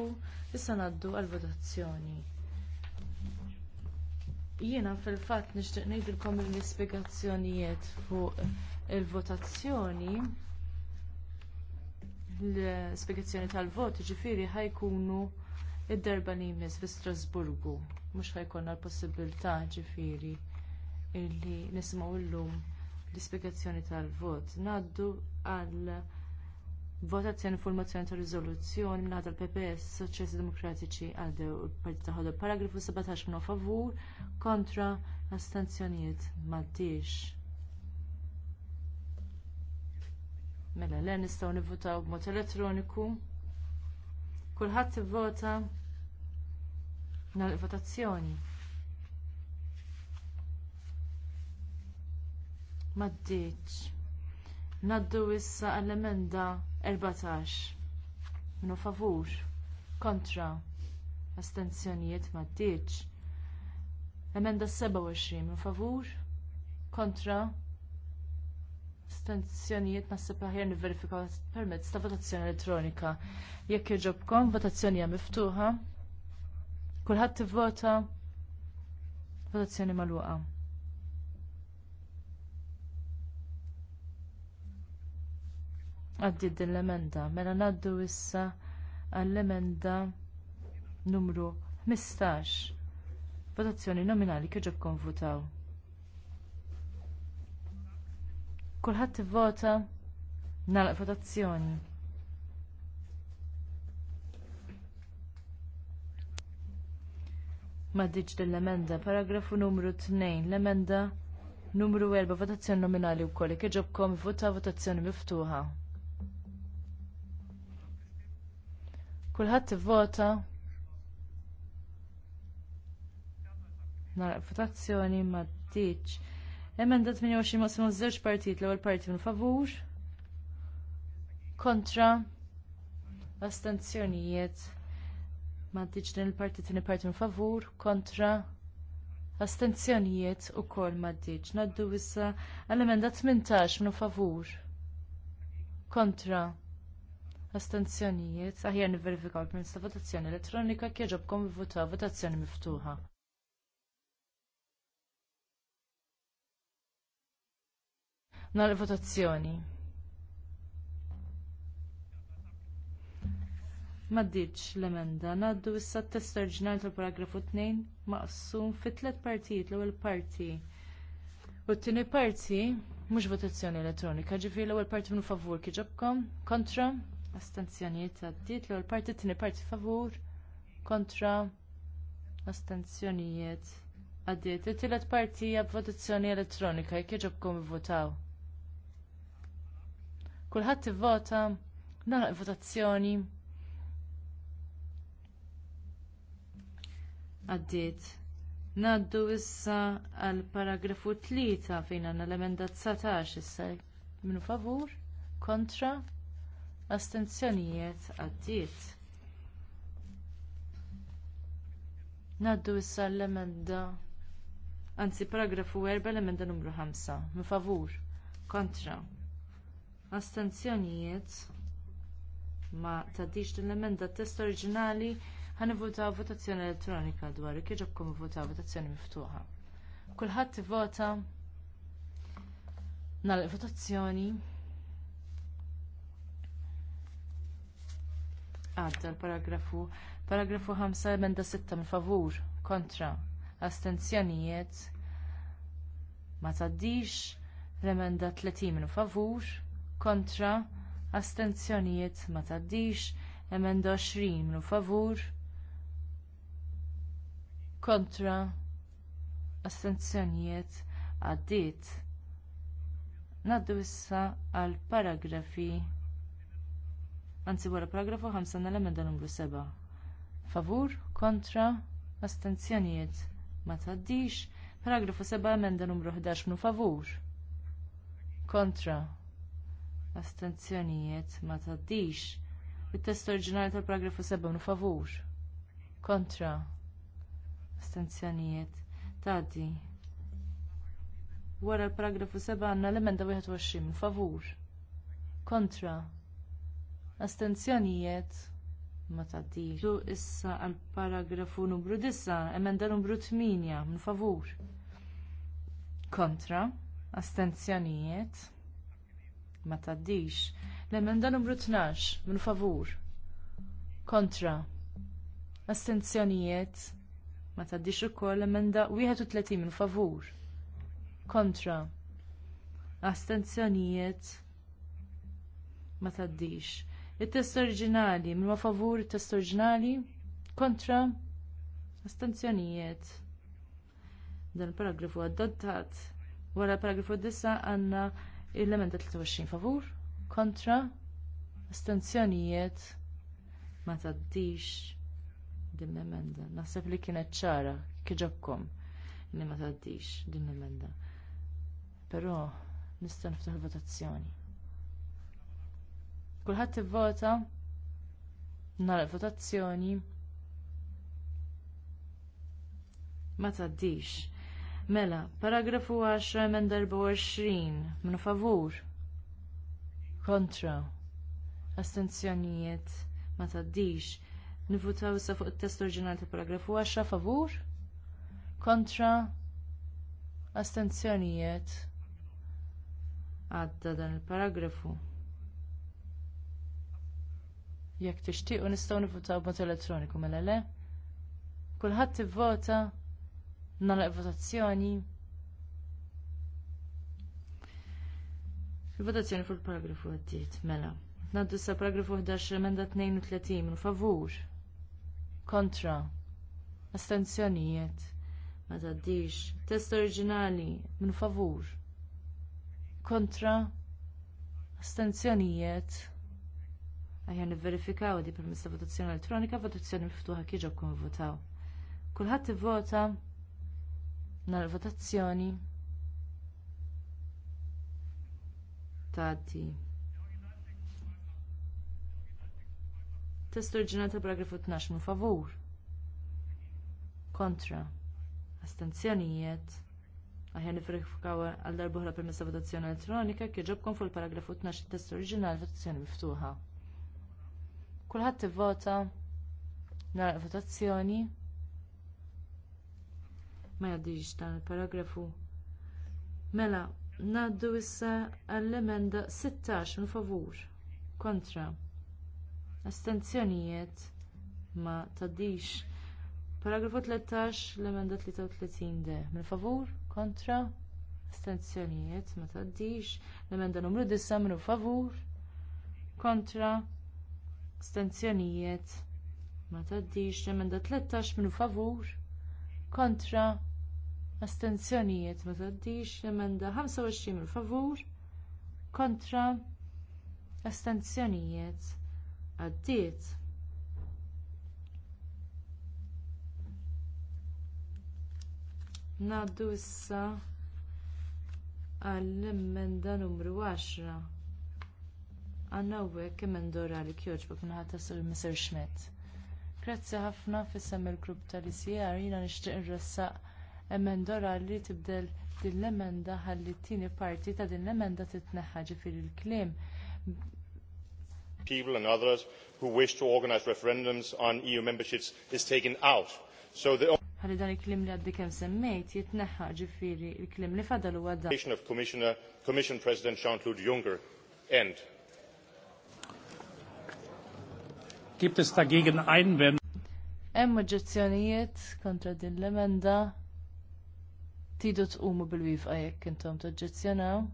u issa ngħaddu għall votazzjoni Jiena fil-fatt nixtieq ngħidilkom l-ispjegazzjonijiet fuq il-votazzjoni l-spiegazzjoni tal-vot ġifiri ħajkunu id-darba li jmiss fi Strasburgu. Mhux ħajkonna l-possibilità ġifiri illi nisimgħu llum l-ispjegazzjoni tal-vot. Naddu għal Votazzjoni fuq il-mozzjoni ta' riżoluzzjoni mingħata l-PPS Soċjalisti Demokratiċi għaldew il-Partit ta' paragrafu 17 minn favur kontra astenzjonijiet m'għaddiex. Mela le nistgħu nivvotaw b'mod elettroniku. Kulħadd ivvota nagħlaq votazzjoni. M'għaddiex. Naddu issa għall-emenda 14. Minu favur, kontra, astenzjonijiet maddiċ. Emenda 27, minu favur, kontra, astenzjonijiet nasib aħjar niverifikaw permezz ta' votazzjoni elettronika. Jekk jġobkom votazzjoni hija miftuħa. Kulħadd tivvota votazzjoni magħluqa. għaddi din l-emenda. Mela ngħaddu issa għall-emenda numru 15. Votazzjoni nominali kif ġob konvutaw. Kulħadd ivvota nagħlaq votazzjoni. Maddiġ dell-emenda, paragrafu numru 2, l-emenda numru 4, votazzjoni nominali wkoll. Kif ġobkom vota votazzjoni miftuħa. Kulħadd ivvota. Nara votazzjoni ma ddiċ. Emenda 28 maqsmu żewġ partit l-ewwel parti minn favur. Kontra. Astenzjonijiet. Ma ddiċ din il-parti tieni parti minn favur. Kontra. Astenzjonijiet u kol maddiċ. Naddu issa għall emenda 18 minn favur. Kontra astenzjonijiet, aħjar niverifikaw permezz ta' votazzjoni elettronika kieġobkom votaw votazzjoni miftuħa. Nar votazzjoni. Maddiċ l-emenda ngħaddu issa t-test oriġinali tal-paragrafu 2 maqsum fit tliet partijiet l-ewwel parti. U t-tieni parti mhux votazzjoni elettronika, ġifieri l-ewwel parti minn favur kieġobkom, kontra, astenzjonijiet għaddiet l-ewwel parti tieni parti favur kontra astenzjonijiet għaddiet. Il-tielet parti għab b'votazzjoni elettronika jekk jiġobkom ivvotaw. Kulħadd ivvota nagħlaq votazzjoni għaddiet. Naddu issa għal paragrafu 3 fejn għandna l-emenda 19 issa minu favur kontra astenzjonijiet għaddiet. Naddu issa l-emenda, anzi paragrafu 4 l-emenda numru 5, mi favur, kontra, astenzjonijiet ma tgħaddix din l-emenda test oriġinali ħan votaw votazzjoni elettronika dwar, kieġobkom votaw votazzjoni miftuħa. Kulħadd ivvota nagħlaq votazzjoni għadda l-paragrafu. Paragrafu 5 emenda 6 minn favur kontra astenzjonijiet ma taddix l-emenda 30 minn favur kontra astenzjonijiet ma taddix emenda 20 minn favur kontra astenzjonijiet għaddiet. Naddu issa għal paragrafi Anzi wara paragrafu 5 l-emenda numru 7. Favur, kontra, astenzjonijiet. Ma taddix. Paragrafu 7 emenda numru 11 minu favur. Kontra. Astenzjonijiet. Ma taddix. Il-test oriġinali tal-paragrafu 7 minu favur. Kontra. Astenzjonijiet. Taddi. Wara l-paragrafu 7 għandna l-emenda 21 minu favur. Kontra astenzjonijiet ma taddix. Issa għal paragrafu numru 9, emenda numru 8, minn favur. Kontra, astenzjonijiet ma taddix. L-emenda numru 12, minn favur. Kontra, astenzjonijiet ma taddix ukoll emenda 31 minn favur. Kontra, astenzjonijiet ma taddix. Il-test oriġinali, minn ma favur il-test oriġinali, kontra astenzjonijiet. Dan il-paragrafu adottat. Wara paragrafu 9 għanna il-lementa 23 favur, kontra astenzjonijiet ma taddix din l-emenda. Naħseb li kienet ċara kieġobkom li ma taddix din l-emenda. Però nista' niftaħ votazzjoni. Kulħadd ivvota nhar votazzjoni ma tgħaddix. Mela, paragrafu 10 minn 24 minn favur kontra astenzjonijiet ma tgħaddix. Nivutaw issa fuq it-test oriġinali ta' paragrafu 10 favur kontra astenzjonijiet għadda dan il-paragrafu. Jekk tixtiequ nistgħu nivvutaw b'mod elettroniku mela le. Kulħadd ivvota nagħlaq votazzjoni. Il-votazzjoni fuq il-paragrafu għaddiet mela. Naddu sa paragrafu 11 emenda 32 minn favur. Kontra. Astenzjonijiet. Ma taddix. Test oriġinali minn favur. Kontra. Astenzjonijiet. Aħjar nivverifikaw di permessa ta' votazzjoni elettronika, votazzjoni miftuħa kieġu kun votaw. Kulħadd ivvota nhar votazzjoni tagħti. Test oriġinal ta' paragrafu 12 minn favur. Kontra. Astenzjonijiet. Aħjar nifrifkaw għal darbuħra permessa votazzjoni elettronika kieġobkom fuq il-paragrafu 12 test oriġinal votazzjoni miftuħa. Kulħadd ivvota nara votazzjoni. Ma jgħaddix dan il-paragrafu. Mela, ngħaddu issa għall-emenda 16 minn favur kontra astenzjonijiet ma tadix. Paragrafu 13, l-emenda 33 de. Min favur, kontra, astenzjonijiet ma tadix. L-emenda numru 9 minu favur, kontra, Stenzjonijiet. Ma taddix emenda 13 minn favur kontra astenzjonijiet. Ma taddix emenda 25 minn favur kontra astenzjonijiet. Għaddiet. Naddu issa għall-emenda numru 10 għanna kemm għek emendora li kjoġbuk minnaħat sur Mr. Schmidt. Grazzi ħafna fissam il-grupp tal-ICR jina nishtiq nrassaq emendora li tibdel din l-emenda ħalli t-tieni parti ta' din l-emenda titneħħa ġifieri l-kliem. People and others who wish to organize referendums on EU memberships is taken out. So the ħalli dan il-klim li għaddi kemm semmejt jitneħħa ġifieri l-klim li fadal huwa dan. Commissioner Commission President Jean-Claude Juncker end. Gibt es dagegen Einwände? Hemm oġġezzjonijiet kontra din l-emenda tidu tqumu bil-wifqa jekk intom toġġezzjonaw.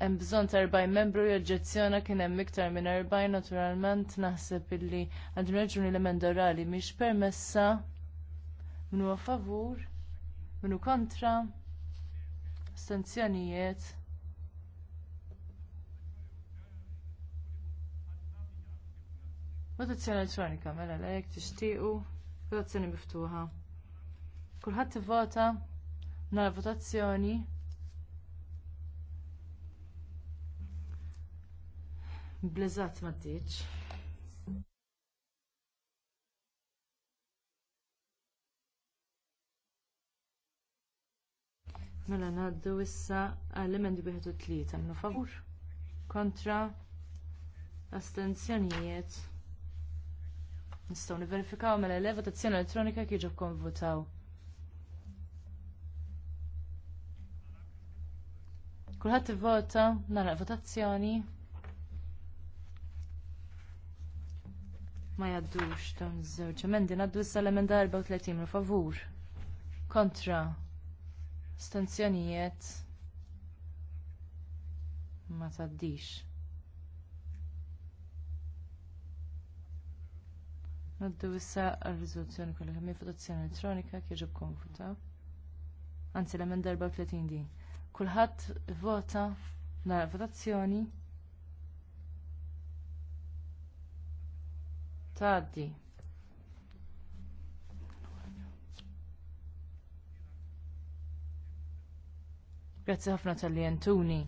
Hemm bżonn ta' erbajn membru joġġezzjona kien hemm iktar minn erbajn naturalment naħseb illi għandhom raġuni l-emenda orali mhix permessa minnu huwa favur, minnu hu kontra, astenzjonijiet. Votazzjoni elettronika mela t tixtiequ. Votazzjoni miftuħa. Kulħadd t-vota, nara votazzjoni. Blizzat ma ddiċ. Mela ngħaddu issa għal emendi biħetu tlieta minnu favur. Kontra astenzjonijiet. Nistgħu niverifikaw mela le votazzjoni elettronika kif konvotaw. Kulħadd ivvota nara votazzjoni. ma jaddux dawn iż-żewġ emendi ngħaddu issa l-emenda 34 minn favur. Kontra. Stanzjonijiet. Ma taddix. Naddu issa għal-rizoluzzjoni kollha kemm votazzjoni elettronika kieġib konvuta. Anzi l-emend 34 din. Kulħadd vota nara mela votazzjoni Taddi. Grazzi ħafna tal-li jentuni.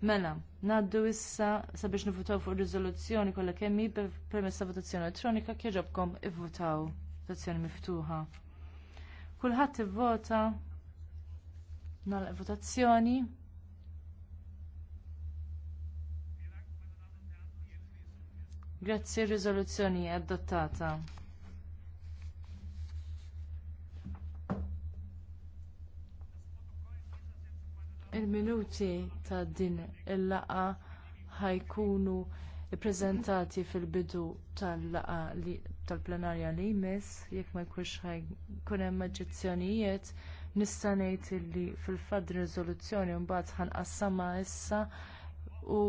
Mela, naddu issa sabiex nivutaw fuq riżoluzzjoni kollha kemm hi permezz ta' votazzjoni elettronika kieġobkom ivvutaw votazzjoni miftuħa. Kulħadd ivvota nagħlaq votazzjoni. Grazzi, riżoluzzjoni adottata. il-minuti ta' din il laqgħa ħajkunu ippreżentati fil-bidu tal laqgħa tal-plenarja li jmiss, jekk ma jkunx jkun hemm eġġezzjonijiet, nista' ngħid li fil-fatt riżoluzzjoni mbagħad ħanqassamha issa u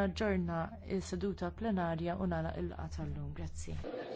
naġġorna s seduta plenarja u nagħlaq il-laqgħa tal-lum. Grazzi.